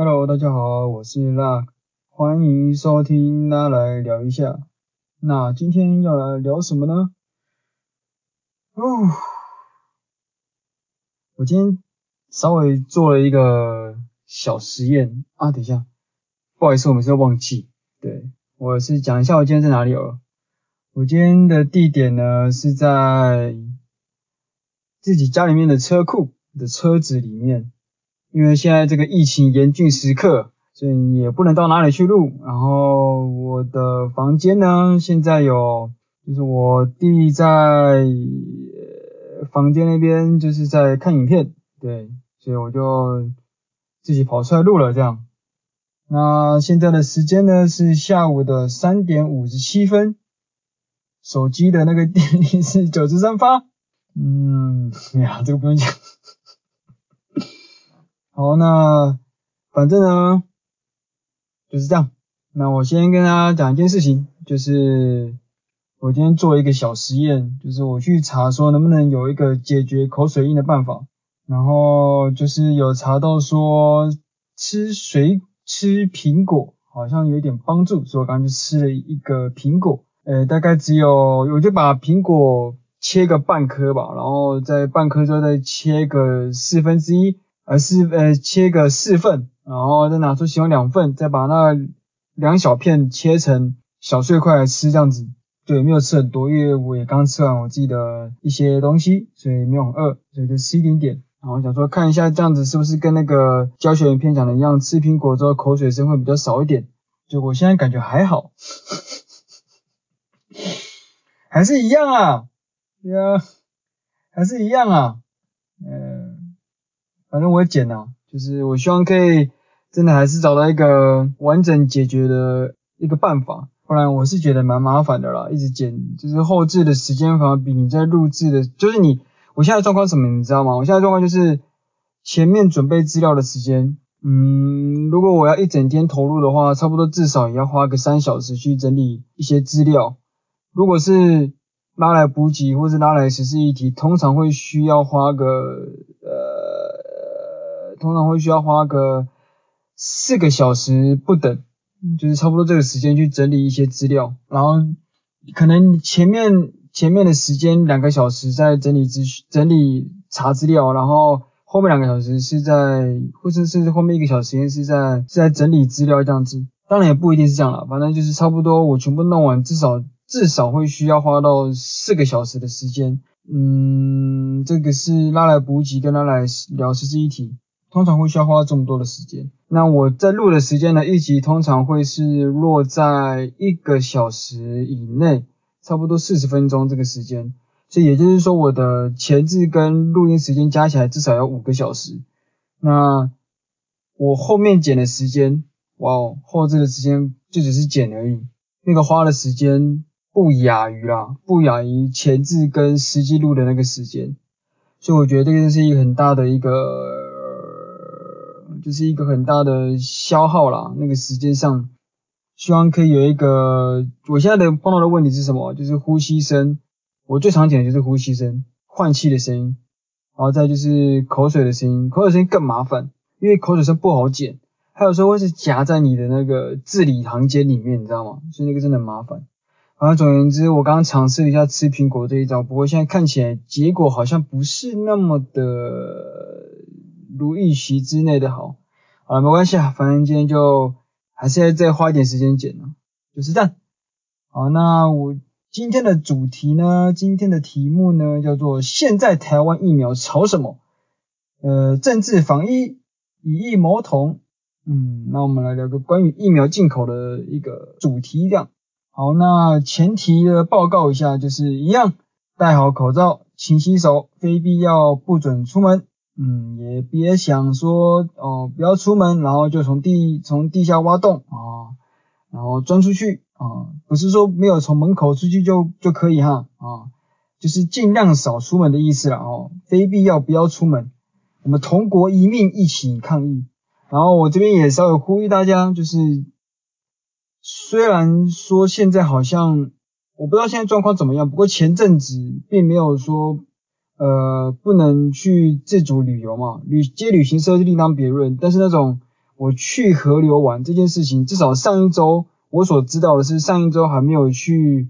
Hello，大家好，我是 Luck，歡迎收聽拉來聊一下。那今天要來聊什麼呢？哦，我今天稍微做了一個小實驗啊。等一下，不好意思，我們是忘記。對，我是講一下我今天在哪裡哦。我今天的地點呢是在自己家裡面的車庫的車子裡面。因為現在這個疫情嚴峻時刻，所以也不能到哪裡去錄。然後我的房間呢，現在有，就是我弟在房間那邊就是在看影片，對，所以我就自己跑出來錄了這樣。那現在的時間呢是下午的三點五十七分，手機的那個電力是九十三趴。嗯，呀、啊，這個不用講。好，那反正呢就是這樣。那我先跟大家講一件事情，就是我今天做一個小實驗，就是我去查說能不能有一個解決口水印的辦法。然後就是有查到說吃水吃蘋果好像有一點幫助，所以我剛剛就吃了一個蘋果。呃，大概只有我就把蘋果切個半顆吧，然後在半顆之後再切個四分之一。而是呃，切個四份，然後再拿出其中兩份，再把那兩小片切成小碎塊來吃，這樣子。對，沒有吃很多，因為我也剛吃完我自己的一些東西，所以沒有很餓，所以就吃一點點。然後想說看一下這樣子是不是跟那個教學影片講的一樣，吃蘋果之後口水聲會比較少一點。就我現在感覺還好，還是一樣啊，呀，還是一樣啊。反正我會剪吶、啊，就是我希望可以真的還是找到一個完整解決的一個辦法，不然我是覺得蠻麻煩的啦，一直剪就是後製的時間反而比你在錄製的，就是你我現在的狀況什麼你知道嗎？我現在的狀況就是前面準備資料的時間，嗯，如果我要一整天投入的話，差不多至少也要花個三小時去整理一些資料。如果是拉來補給或是拉來時事議題，通常會需要花個。通常會需要花個四個小時不等，就是差不多這個時間去整理一些資料，然後可能前面前面的時間兩個小時在整理資整理查資料，然後後面兩個小時是在或者甚至後面一個小時是在是在整理資料這樣子，當然也不一定是這樣了，反正就是差不多我全部弄完至少至少會需要花到四個小時的時間，嗯，這個是拉來補給跟拉來聊時事議題。通常會需要花這麼多的時間。那我在錄的時間呢？一集通常會是落在一個小時以內，差不多四十分鐘這個時間。所以也就是說，我的前置跟錄音時間加起來至少要五個小時。那我後面剪的時間，哇哦，後置的時間就只是剪而已，那個花的時間不亞於啦，不亞於前置跟實際錄的那個時間。所以我覺得這個是一個很大的一個。就是一個很大的消耗啦，那個時間上，希望可以有一個。我現在的碰到的問題是什麼？就是呼吸聲，我最常剪的就是呼吸聲，換氣的聲音，然後再就是口水的聲音，口水聲音更麻煩，因為口水聲不好剪，還有時候會是夾在你的那個字裡行間裡面，你知道嗎？所以那個真的很麻煩。然後總而言之，我剛剛嘗試了一下吃蘋果這一招，不過現在看起來結果好像不是那麼的。如預期之內的好，好了沒關係啊，反正今天就還是要再花一點時間剪呢，就是這樣。好，那我今天的主題呢，今天的題目呢叫做現在台灣疫苗吵什麼？呃，政治防疫，以疫謀統，嗯，那我們來聊個關於疫苗進口的一個主題這樣。好，那前提的報告一下，就是一樣，戴好口罩，勤洗手，非必要不准出門。嗯，也別想說哦，不要出門，然後就從地從地下挖洞啊、哦，然後鑽出去啊、哦，不是說沒有從門口出去就就可以哈啊、哦，就是盡量少出門的意思了哦，非必要不要出門，我們同島一命一起抗疫，然後我這邊也稍微呼籲大家，就是雖然說現在好像我不知道現在狀況怎麼樣，不過前陣子並沒有說。呃，不能去自主旅遊嘛？旅接旅行社是另當別論。但是那種我去河流玩這件事情，至少上一周我所知道的是，上一周還沒有去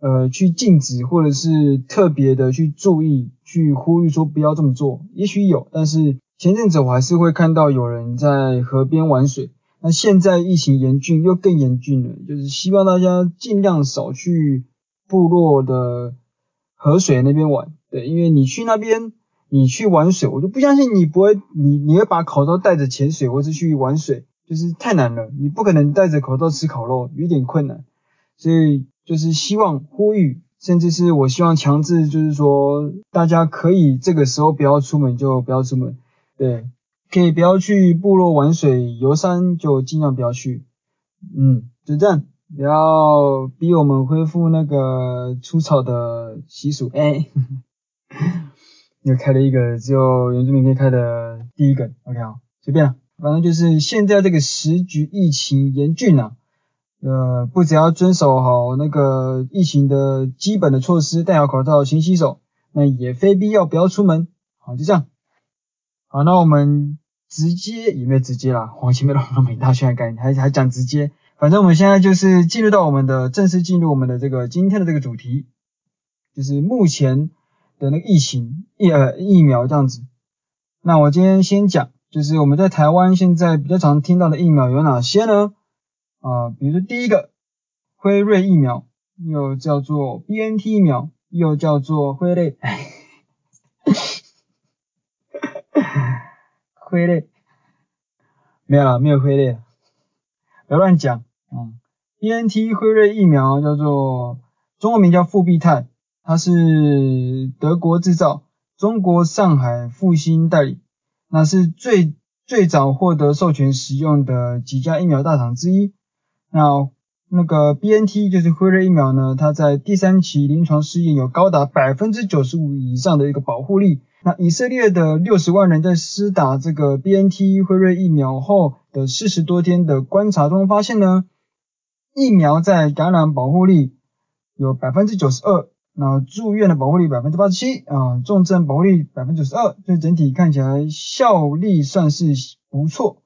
呃去禁止或者是特別的去注意去呼籲說不要這麼做。也許有，但是前陣子我還是會看到有人在河邊玩水。那現在疫情嚴峻又更嚴峻了，就是希望大家盡量少去部落的河水那邊玩。對，因為你去那邊，你去玩水，我就不相信你不會，你你會把口罩戴着潛水或者去玩水，就是太難了，你不可能戴着口罩吃烤肉，有一點困難。所以就是希望呼籲，甚至是我希望強制，就是說大家可以這個時候不要出門就不要出門，對，可以不要去部落玩水遊山，就儘量不要去。嗯，就這樣，不要逼我們恢復那個出草的習俗，哎。 又開了一個只有原住民可以開的第一個，OK 好，隨便了，反正就是現在這個時局疫情嚴峻啊，呃，不只要遵守好那個疫情的基本的措施，戴好口罩、勤洗手，那也非必要不要出門，好，就這樣。好，那我們直接有沒有直接啦？黃奇妹老師沒有那麼大宣感，還還講直接，反正我們現在就是進入到我們的正式進入我們的這個今天的這個主題，就是目前。的那個疫情疫呃疫苗這樣子，那我今天先講，就是我們在台灣現在比較常聽到的疫苗有哪些呢？啊、呃，比如說第一個輝瑞疫苗，又叫做 B N T 疫苗，又叫做輝瑞，輝 瑞，沒有了，沒有輝瑞，不要亂講，嗯，B N T 輝瑞疫苗叫做中文名叫復必泰。它是德國製造，中國上海復星代理，那是最最早獲得授權使用的幾家疫苗大廠之一。那那個 BNT 就是輝瑞疫苗呢，它在第三期臨床試驗有高達百分之九十五以上的一個保護力。那以色列的六十萬人在施打這個 BNT 輝瑞疫苗後的四十多天的觀察中發現呢，疫苗在感染保護力有百分之九十二。那住院的保護率百分之八十七啊，重症保護率百分之九十二，所以整體看起來效力，算是不錯。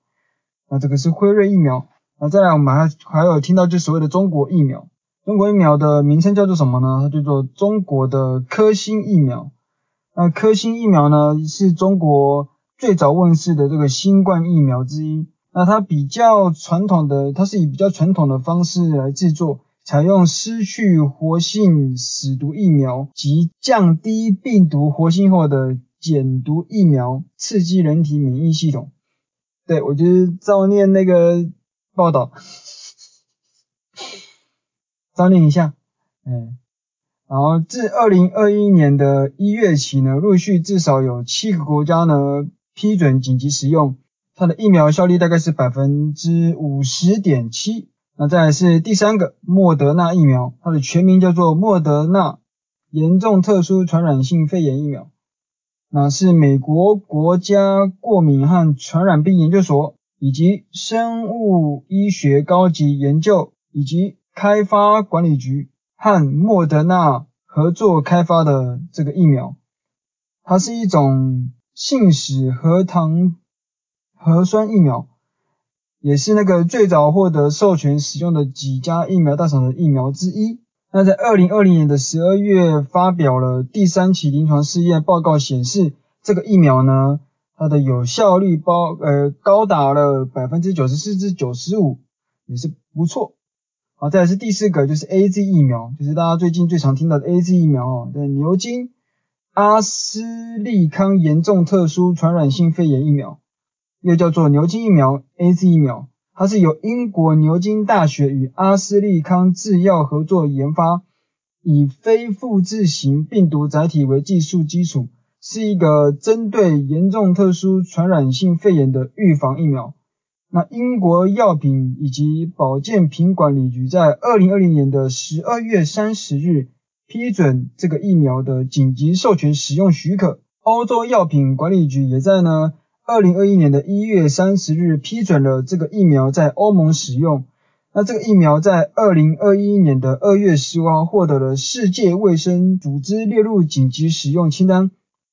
那這個是輝瑞疫苗，那再來我們還還有聽到就是所謂的中國疫苗，中國疫苗的名稱叫做什麼呢？它叫做中國的科興疫苗。那科興疫苗呢，是中國最早問世的這個新冠疫苗之一。那它比較傳統的，它是以比較傳統的方式來製作。採用失去活性死毒疫苗及降低病毒活性後的減毒疫苗刺激人體免疫系統。對，我就是照念那個報道，照念一下。嗯，然後自二零二一年的一月起呢，陸續至少有七個國家呢批准緊急使用，它的疫苗效率大概是百分之五十點七。那再來是第三個莫德納疫苗，它的全名叫做莫德納嚴重特殊傳染性肺炎疫苗。那是美國國家過敏和傳染病研究所以及生物醫學高級研究以及開發管理局和莫德納合作開發的這個疫苗。它是一種信使核糖核酸疫苗。也是那個最早獲得授權使用的幾家疫苗大廠的疫苗之一。那在二零二零年的十二月發表了第三期臨床試驗報告，顯示這個疫苗呢，它的有效率包呃高達了百分之九十四至九十五，也是不錯。好，再來是第四個，就是 AZ 疫苗，就是大家最近最常聽到的 AZ 疫苗哦，在牛津阿斯利康嚴重特殊傳染性肺炎疫苗。又叫做牛津疫苗 AZ 疫苗，它是由英國牛津大學與阿斯利康製藥合作研發，以非複製型病毒載體為技術基礎，是一個針對嚴重特殊傳染性肺炎的預防疫苗。那英國藥品以及保健品管理局在二零二零年的十二月三十日批准這個疫苗的緊急授權使用許可，歐洲藥品管理局也在呢。二零二一年的一月三十日批准了這個疫苗在歐盟使用。那這個疫苗在二零二一年的二月十五號獲得了世界衛生組織列入緊急使用清單，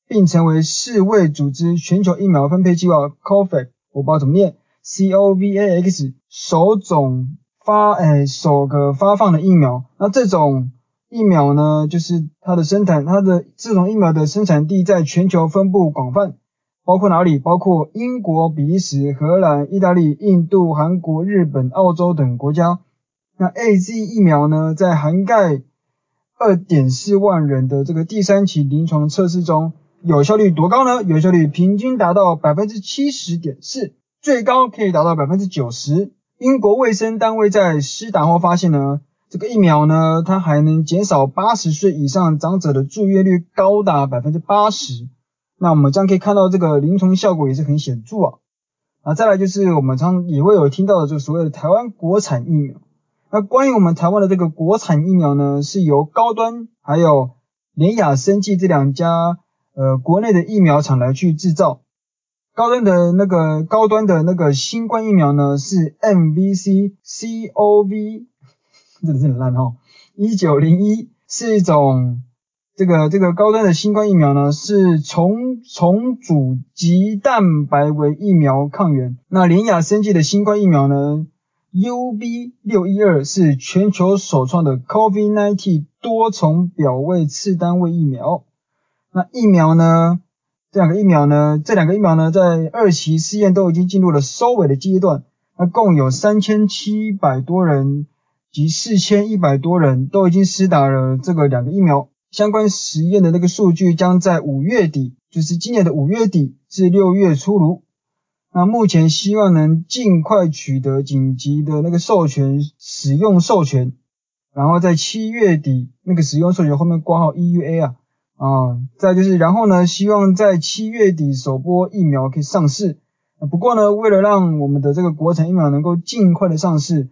並成為世衛組織全球疫苗分配計劃 （COVAX） 我不知道怎麼念 C O V A X 首種發、誒、哎、首個發放的疫苗。那這種疫苗呢，就是它的生產，它的這種疫苗的生產地在全球分布廣泛。包括哪裡？包括英國、比利時、荷蘭、意大利、印度、韓國、日本、澳洲等國家。那 AZ 疫苗呢，在涵蓋二點四萬人的這個第三期臨床測試中，有效率多高呢？有效率平均達到百分之七十點四，最高可以達到百分之九十。英國衛生單位在施打後發現呢，這個疫苗呢，它還能減少八十歲以上長者的住院率高達百分之八十。那我們將可以看到這個臨床效果也是很顯著啊，啊，再來就是我們常也會有聽到的就所謂的台灣國產疫苗。那關於我們台灣的這個國產疫苗呢，是由高端還有聯亞生技這兩家呃國內的疫苗廠來去制造。高端的那個高端的那個新冠疫苗呢，是 MVC-COV， 真的是很爛哦。1901是一種。這個這個高端的新冠疫苗呢，是從重組棘蛋白為疫苗抗原。那聯亞生技的新冠疫苗呢，UB 六一二，是全球首創的 COVID-19 多重表位次單位疫苗。那疫苗呢，這兩個疫苗呢，這兩個疫苗呢，在二期試驗都已經進入了收尾的階段。那共有三千七百多人及四千一百多人，都已經施打了這個兩個疫苗。相關實驗的那個數據將在五月底，就是今年的五月底至六月出爐。那目前希望能儘快取得緊急的那個授權使用授權，然後在七月底那個使用授權後面掛號 EUA 啊啊、嗯，再就是然後呢，希望在七月底首波疫苗可以上市。不過呢，為了讓我們的這個國產疫苗能夠儘快的上市，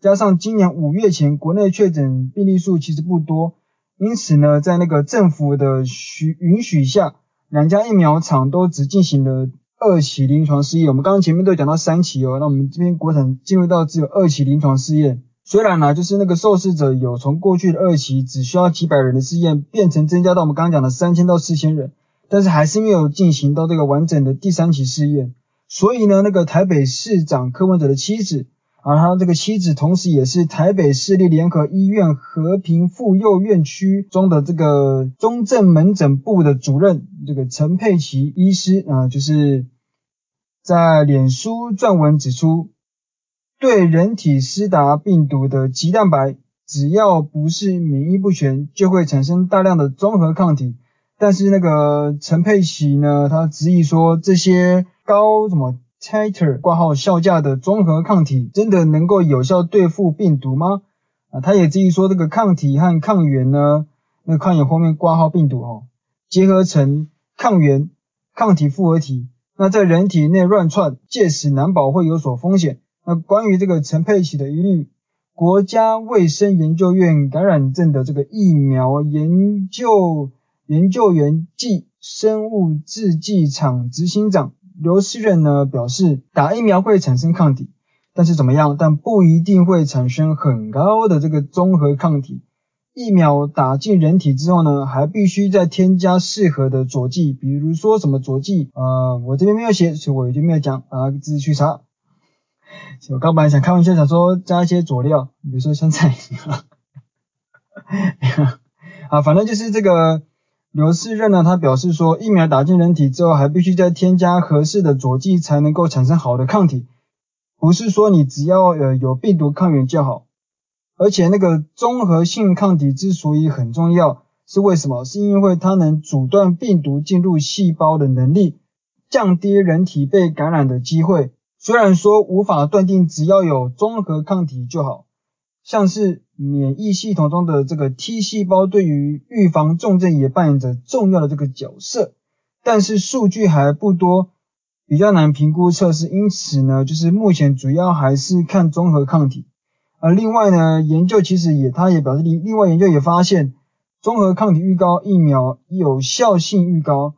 加上今年五月前國內確診病例數其實不多。因此呢，在那個政府的許允許下，兩家疫苗廠都只進行了二期臨床試驗。我們剛剛前面都講到三期哦，那我們這邊國產進入到只有二期臨床試驗。雖然呢、啊，就是那個受試者有從過去的二期只需要幾百人的試驗，變成增加到我們剛剛講的三千到四千人，但是還是沒有進行到這個完整的第三期試驗。所以呢，那個台北市長柯文哲的妻子。而、啊、他這個妻子，同時也是台北市立聯合醫院和平婦幼院區中的這個中正門診部的主任，這個陳佩琪醫師啊、呃，就是在臉書撰文指出，對人體施打病毒的棘蛋白，只要不是免疫不全，就會產生大量的中和抗體。但是那個陳佩琪呢，他質疑說這些高什麼 titer 括號效價的中和抗體真的能夠有效對付病毒嗎？啊，他也質疑說這個抗體和抗原呢，那抗原後面括號病毒哦，結合成抗原抗體複合體，那在人體內亂竄，屆時難保會有所風險。那關於這個陳佩琪的疑慮，國家衛生研究院感染症的這個疫苗研究研究員暨生物制劑廠執行長。劉詩遠呢表示，打疫苗會產生抗體，但是怎麼樣？但不一定會產生很高的這個中和抗體。疫苗打進人體之後呢，還必須再添加適合的佐劑，比如說什麼佐劑？呃，我這邊沒有寫，所以我也就沒有講啊，自己去查。我剛本來想開玩笑，想說加一些佐料，比如說香菜，啊，反正就是這個。牛士認了，他表示說，疫苗打進人體之後，還必須再添加合適的佐劑才能夠產生好的抗體，不是說你只要呃有，有病毒抗原就好。而且那個中和性抗體之所以很重要，是為什麼？是因為它能阻斷病毒進入細胞的能力，降低人體被感染的機會。雖然說無法斷定只要有中和抗體就好，像是。免疫系統中的這個 T 細胞對於預防重症也扮演着重要的這個角色，但是數據還不多，比較難評估測試，因此呢，就是目前主要還是看中和抗體。而另外呢，研究其實也，他也表示，另另外研究也發現，中和抗體愈高，疫苗有效性愈高。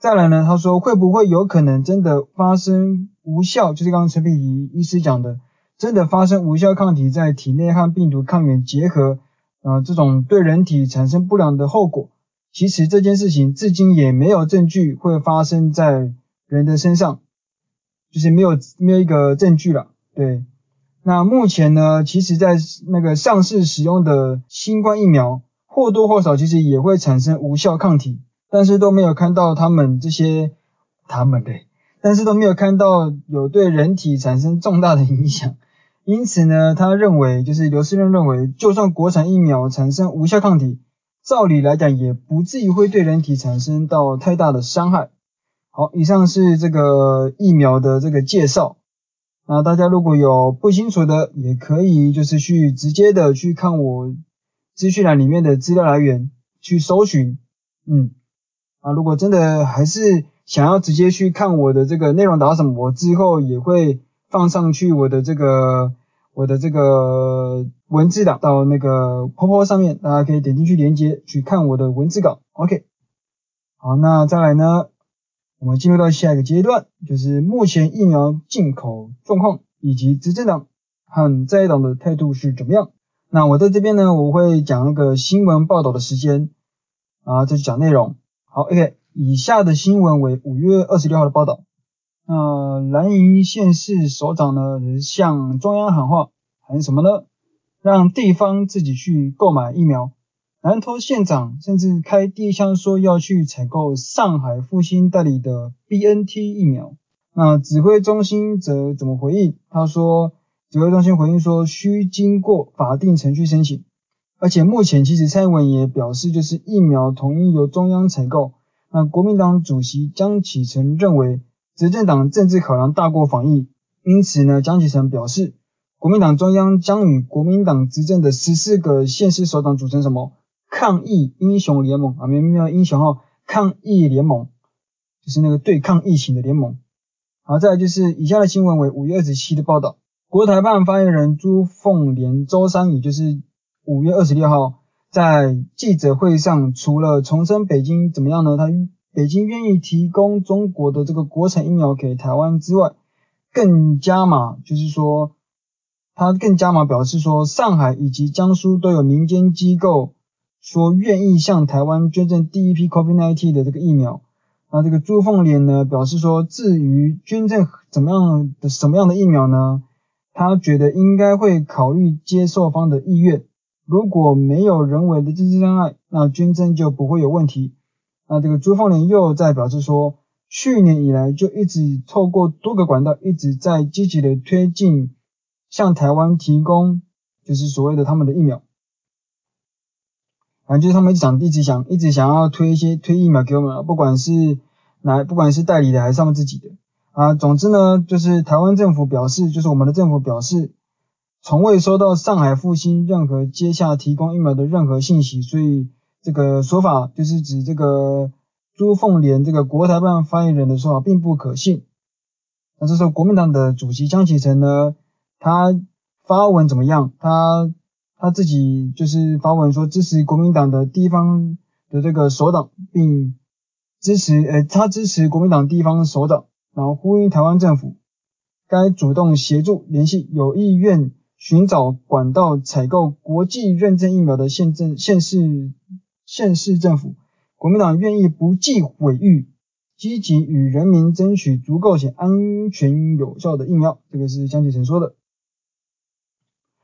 再來呢，他說會不會有可能真的發生無效？就是剛剛陳碧怡醫師講的。真的發生無效抗體在體內和病毒抗原結合，啊、呃，這種對人體產生不良的後果。其實這件事情至今也沒有證據會發生在人的身上，就是沒有沒有一個證據了。對，那目前呢，其實，在那個上市使用的新冠疫苗或多或少其實也會產生無效抗體，但是都沒有看到他們這些他們對、欸，但是都沒有看到有對人體產生重大的影響。因此呢，他認為就是劉詩潤認為，就算國產疫苗產生無效抗體，照理來講也不至於會對人體產生到太大的傷害。好，以上是這個疫苗的這個介紹。那大家如果有不清楚的，也可以就是去直接的去看我資訊欄裡面的資料來源去搜尋。嗯，啊，如果真的還是想要直接去看我的這個內容打什麼，我之後也會。放上去我的這個我的這個文字檔，到那個 POPO 上面，大家可以點進去鏈接去看我的文字稿。OK，好，那再來呢，我們進入到下一個階段，就是目前疫苗進口狀況以及執政黨和在野黨的態度是怎麼樣。那我在這邊呢，我會講那個新聞報道的時間，啊，再去講內容。好，OK，以下的新聞為五月二十六號的報道那藍營縣市首長呢，向中央喊話，喊什麼呢？讓地方自己去購買疫苗。南投縣長甚至開第一槍，說要去採購上海復星代理的 BNT 疫苗。那指揮中心則怎麼回應？他說，指揮中心回應說需經過法定程序申請，而且目前其實蔡英文也表示，就是疫苗統一由中央採購。那國民黨主席江啟臣認為。執政黨政治考量大過防疫，因此呢，江啟臣表示，國民黨中央將與國民黨執政的十四個縣市首長組成什麼抗疫英雄聯盟啊？明明沒有英雄哦，抗疫聯盟，就是那個對抗疫情的聯盟。好，再來就是以下的新聞為五月二十七的報道，國台辦發言人朱鳳蓮周三，也就是五月二十六號在記者會上，除了重申北京怎麼樣呢？他。北京願意提供中國的這個國產疫苗給台灣之外，更加碼，就是說，他更加碼表示說，上海以及江蘇都有民間機構說願意向台灣捐贈第一批 COVID-19 的這個疫苗。那這個朱鳳蓮呢表示說，至於捐贈怎麼樣的什麼樣的疫苗呢，他覺得應該會考慮接受方的意願，如果沒有人為的政治障礙，那捐贈就不會有問題。那這個朱鳳蓮又在表示說，去年以來就一直透過多個管道一直在積極的推進向台灣提供，就是所謂的他們的疫苗，反正就是他們一直想、一直想、一直想要推一些推疫苗給我們，不管是哪，不管是代理的還是他們自己的，啊，總之呢，就是台灣政府表示，就是我們的政府表示，從未收到上海復星任何接洽提供疫苗的任何信息，所以。這個說法就是指這個朱鳳蓮這個國台辦發言人的說法並不可信。那這時候，國民黨的主席江啟臣呢，他發文怎麼樣？他他自己就是發文說支持國民黨的地方的這個首長，並支持呃，他支持國民黨地方首長，然後呼籲台灣政府該主動協助聯繫有意願尋找管道採購國際認證疫苗的縣政縣市。縣市政府，國民黨願意不計毀譽，積極與人民爭取足夠且安全有效的疫苗。這個是江啟臣說的。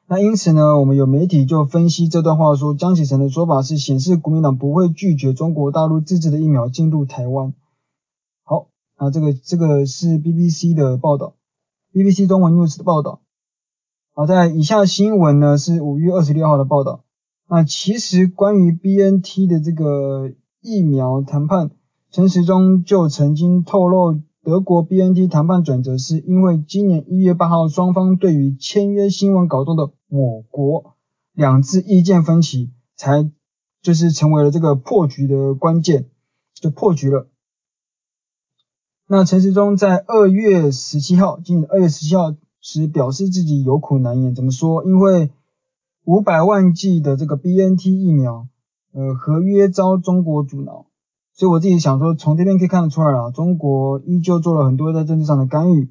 那因此呢，我們有媒體就分析這段話說，說江啟臣的說法是顯示國民黨不會拒絕中國大陸自制的疫苗進入台灣。好，那這個這個是 BBC 的報道，BBC 中文 news 的報道。好，在以下新聞呢是五月二十六號的報道。那其實關於 BNT 的這個疫苗談判，陳時中就曾經透露，德國 BNT 談判轉折是因為今年一月八號雙方對於簽約新聞稿中的我國兩次意見分歧，才就是成為了這個破局的關鍵，就破局了。那陳時中在二月十七號，今年二月十七號時表示自己有苦難言，怎麼說？因為。五百萬劑的這個 BNT 疫苗，呃，合約遭中國阻撓，所以我自己想說，從這邊可以看得出來啊，中國依舊做了很多在政治上的干預。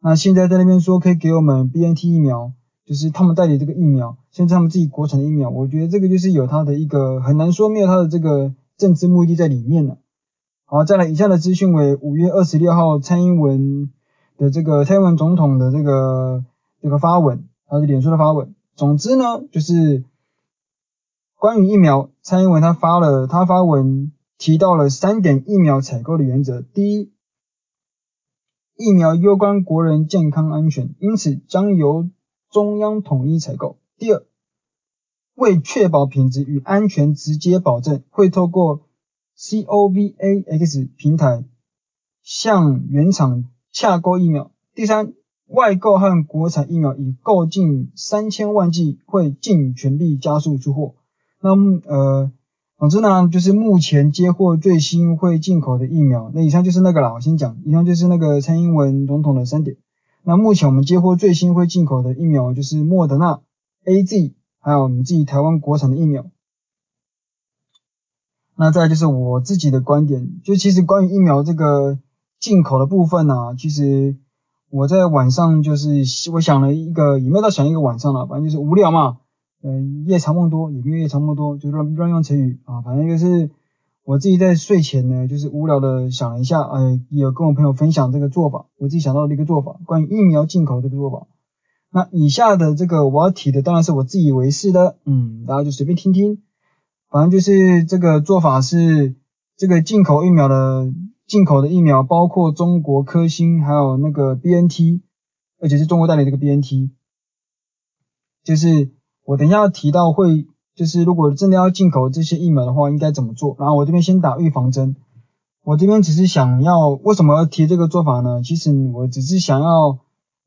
那現在在那邊說可以給我們 BNT 疫苗，就是他們代理這個疫苗，現在他們自己國產的疫苗，我覺得這個就是有他的一個很難說，沒有他的這個政治目的在裡面了啊。好，再來以下的資訊為五月二十六號蔡英文的這個蔡英文總統的這個這個發文，還有臉書的發文。總之呢，就是關於疫苗，蔡英文他發了，他發文提到了三點疫苗採購的原則：第一，疫苗攸關國人健康安全，因此將由中央統一採購；第二，為確保品質與安全，直接保證會透過 COVAX 平台向原廠洽購疫苗；第三，外購和國產疫苗已購進三千萬劑，會盡全力加速出貨。那呃，總之呢，就是目前接獲最新會進口的疫苗。那以上就是那個啦，我先講。以上就是那個蔡英文總統的三點。那目前我們接獲最新會進口的疫苗就是莫德納、AZ，還有我們自己台灣國產的疫苗。那再來就是我自己的觀點，就其實關於疫苗這個進口的部分呢、啊，其實。我在晚上就是我想了一個，也沒有到想一個晚上了，反正就是無聊嘛，嗯、呃，夜長夢多，也沒有夜長夢多？就是亂亂用成語啊，反正就是我自己在睡前呢，就是無聊的想了一下，哎、呃，也有跟我朋友分享這個做法，我自己想到的一個做法，關於疫苗進口這個做法。那以下的這個我要提的當然是我自以為是的，嗯，大家就隨便聽聽，反正就是這個做法是這個進口疫苗的。進口的疫苗包括中國科興，還有那個 BNT，而且是中國代理這個 BNT，就是我等一下要提到會，就是如果真的要進口這些疫苗的話，應該怎麼做？然後我這邊先打預防針，我這邊只是想要，為什麼要提這個做法呢？其實我只是想要，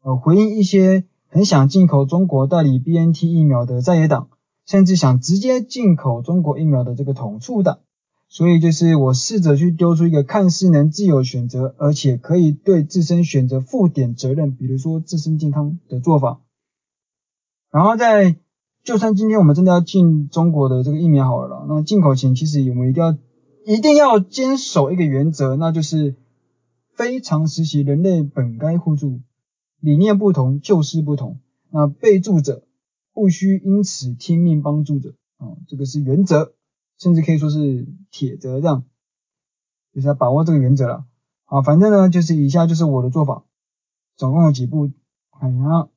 呃，回應一些很想進口中國代理 BNT 疫苗的在野黨，甚至想直接進口中國疫苗的這個統促黨。所以就是我試着去丟出一個看似能自由選擇，而且可以對自身選擇負點責任，比如說自身健康的做法。然後在，就算今天我們真的要進中國的這個疫苗好了啦，那進口前其實我們一定要一定要堅守一個原則，那就是非常時期人類本該互助，理念不同就是不同。那被助者不需因此聽命幫助者，啊、哦，這個是原則。甚至可以說是鐵則，這樣就是要把握這個原則了。啊，反正呢，就是以下就是我的做法，總共有幾步。哎呀，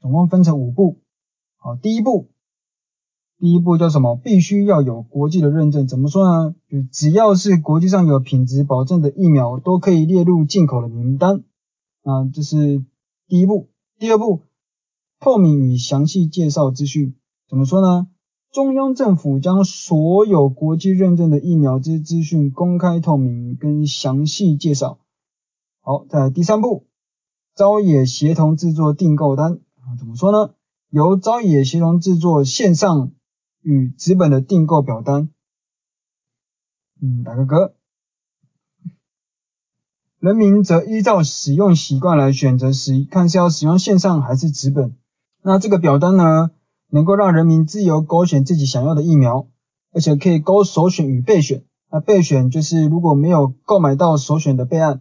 總共分成五步。好，第一步，第一步叫什麼？必須要有國際的認證。怎麼說呢？就只要是國際上有品質保證的疫苗，都可以列入進口的名單。啊，這是第一步。第二步，透明與詳細介紹資訊。怎麼說呢？中央政府將所有國際認證的疫苗之資訊公開透明跟詳細介紹。好，再來第三步，朝野協同製作訂購單啊，怎麼說呢？由朝野協同製作線上與紙本的訂購表單。嗯，打個嗝。人民則依照使用習慣來選擇使，看是要使用線上還是紙本。那這個表單呢？能夠讓人民自由勾選自己想要的疫苗，而且可以勾首選與備選。那備選就是如果沒有購買到首選的備案。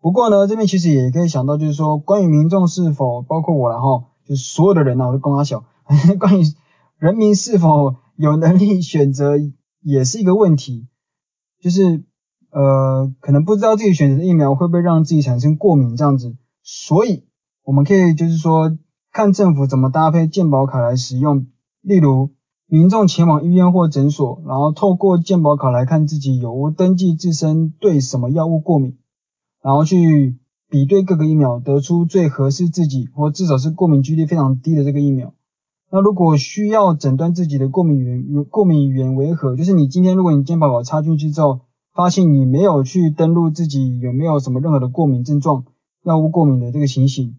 不過呢，這邊其實也可以想到，就是說關於民眾是否，包括我然後，就是所有的人呢、啊，我都跟他小，關於人民是否有能力選擇，也是一個問題。就是呃，可能不知道自己選擇的疫苗會不會讓自己產生過敏這樣子，所以我們可以就是說看政府怎麼搭配健保卡來使用，例如民眾前往醫院或診所，然後透過健保卡來看自己有無登記自身對什麼藥物過敏，然後去比對各個疫苗，得出最合適自己或至少是過敏幾率非常低的這個疫苗。那如果需要診斷自己的過敏原，與過敏原為何？就是你今天如果你健保卡插進去之後，發現你沒有去登錄自己有沒有什麼任何的過敏症狀、藥物過敏的這個情形。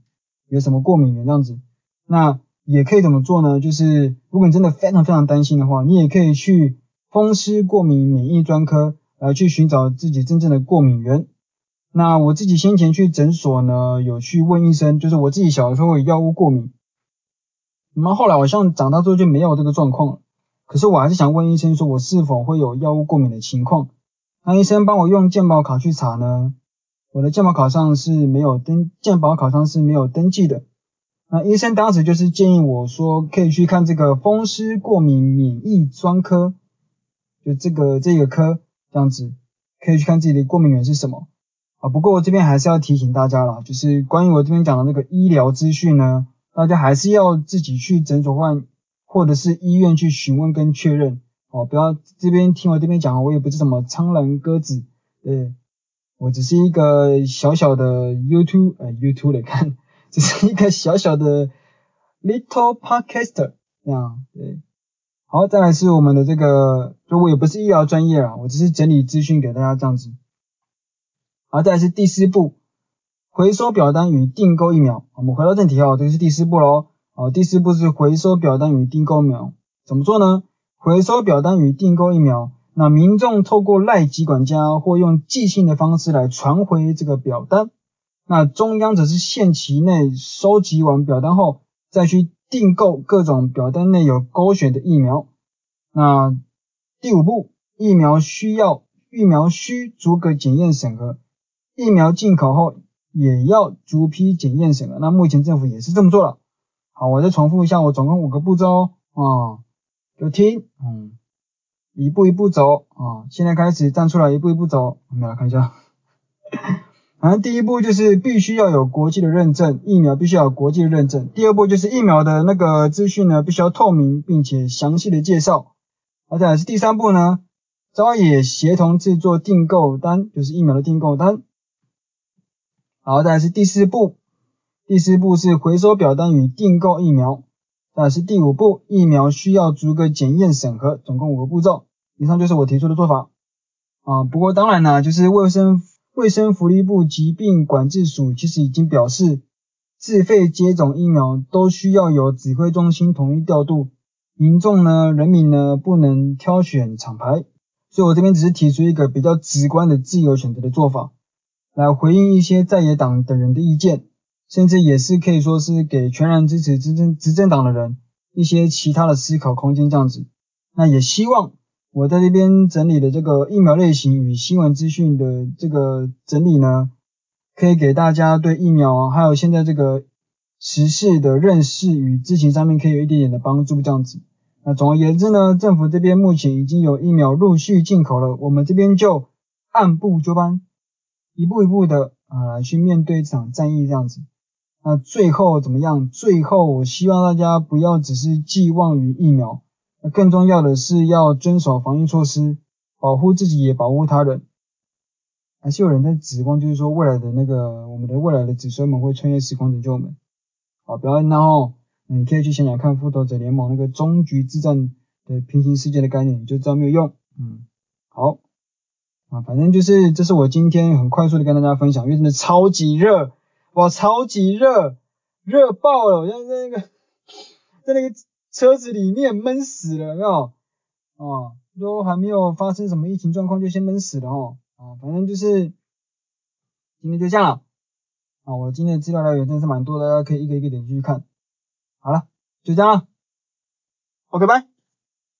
有什麼過敏原這樣子，那也可以怎麼做呢？就是如果你真的非常非常擔心的話，你也可以去風濕過敏免疫專科，呃，去尋找自己真正的過敏源。那我自己先前去診所呢，有去問醫生，就是我自己小的時候會有藥物過敏，那麼後來好像長大之後就沒有這個狀況了。可是我還是想問醫生說，我是否會有藥物過敏的情況，讓醫生幫我用健保卡去查呢？我的健保卡上是沒有登，健保卡上是沒有登記的。那醫生當時就是建議我說，可以去看這個風濕過敏免疫專科，就這個這個科這樣子，可以去看自己的過敏原是什麼啊。不過我這邊還是要提醒大家啦，就是關於我這邊講的那個醫療資訊呢，大家還是要自己去診所或或者是醫院去詢問跟確認，哦，不要這邊聽我這邊講，我也不是什麼蒼藍鴿子，對我只是一個小小的 YouTube，呃 YouTube 來看，只是一個小小的 little podcaster 這樣，對。好，再來是我們的這個，所以我也不是醫療專業啊，我只是整理資訊給大家這樣子。好，再來是第四步，回收表單與訂購疫苗。我們回到正題啊，這是第四步嘍。好，第四步是回收表單與訂購疫苗，怎麼做呢？回收表單與訂購疫苗。那民眾透過賴疾管家或用寄信的方式來傳回這個表單，那中央則是限期內收集完表單後，再去訂購各種表單內有勾選的疫苗。那第五步，疫苗需要疫苗需逐個檢驗審核，疫苗進口後也要逐批檢驗審核。那目前政府也是這麼做了。好，我再重複一下，我總共五個步驟啊、哦，有、嗯、聽？嗯。一步一步走啊，哦，現在開始站出來，一步一步走。我們來看一下，反正第一步就是必須要有國際的認證，疫苗必須要有國際的認證。第二步就是疫苗的那個資訊呢，必須要透明並且詳細的介紹。然後再來是第三步呢，招也協同製作訂購單，就是疫苗的訂購單。然後再來是第四步，第四步是回收表單與訂購疫苗。但是第五步，疫苗需要逐個檢驗審核，總共五個步驟。以上就是我提出的做法啊。不過當然呢，就是衛生衛生福利部疾病管制署其實已經表示，自費接種疫苗都需要由指揮中心統一調度，民眾呢、人民呢不能挑選廠牌，所以我這邊只是提出一個比較直觀的自由選擇的做法，來回應一些在野黨等人的意見。甚至也是可以說是給全然支持執政執政黨的人一些其他的思考空間這樣子。那也希望我在這邊整理的這個疫苗類型與新聞資訊的這個整理呢，可以給大家對疫苗還有現在這個時事的認識與知情上面可以有一點點的幫助這樣子。那總而言之呢，政府這邊目前已經有疫苗陸續進口了，我們這邊就按部就班，一步一步的啊來去面對這場戰役這樣子。那最後怎麼樣？最後我希望大家不要只是寄望於疫苗，更重要的是要遵守防疫措施，保護自己也保護他人。還是有人在指望，就是說未來的那個我們的未來的子孫們會穿越時空拯救我們。好，不要鬧，然後哦，你可以去想想看《復仇者聯盟》那個終局之戰的平行世界的概念，就知道沒有用。嗯，好，啊，反正就是這是我今天很快速的跟大家分享，因為真的超級熱。哇，超級熱，熱爆了！我現在在那個在那個車子裡面悶死了，有沒有？哦、啊，都還沒有發生什麼疫情狀況，就先悶死了哦。啊，反正就是今天就這樣了。啊，我今天的資料來源真的是蠻多的，大家可以一個一個點進去看。好了，就這樣了。OK，拜。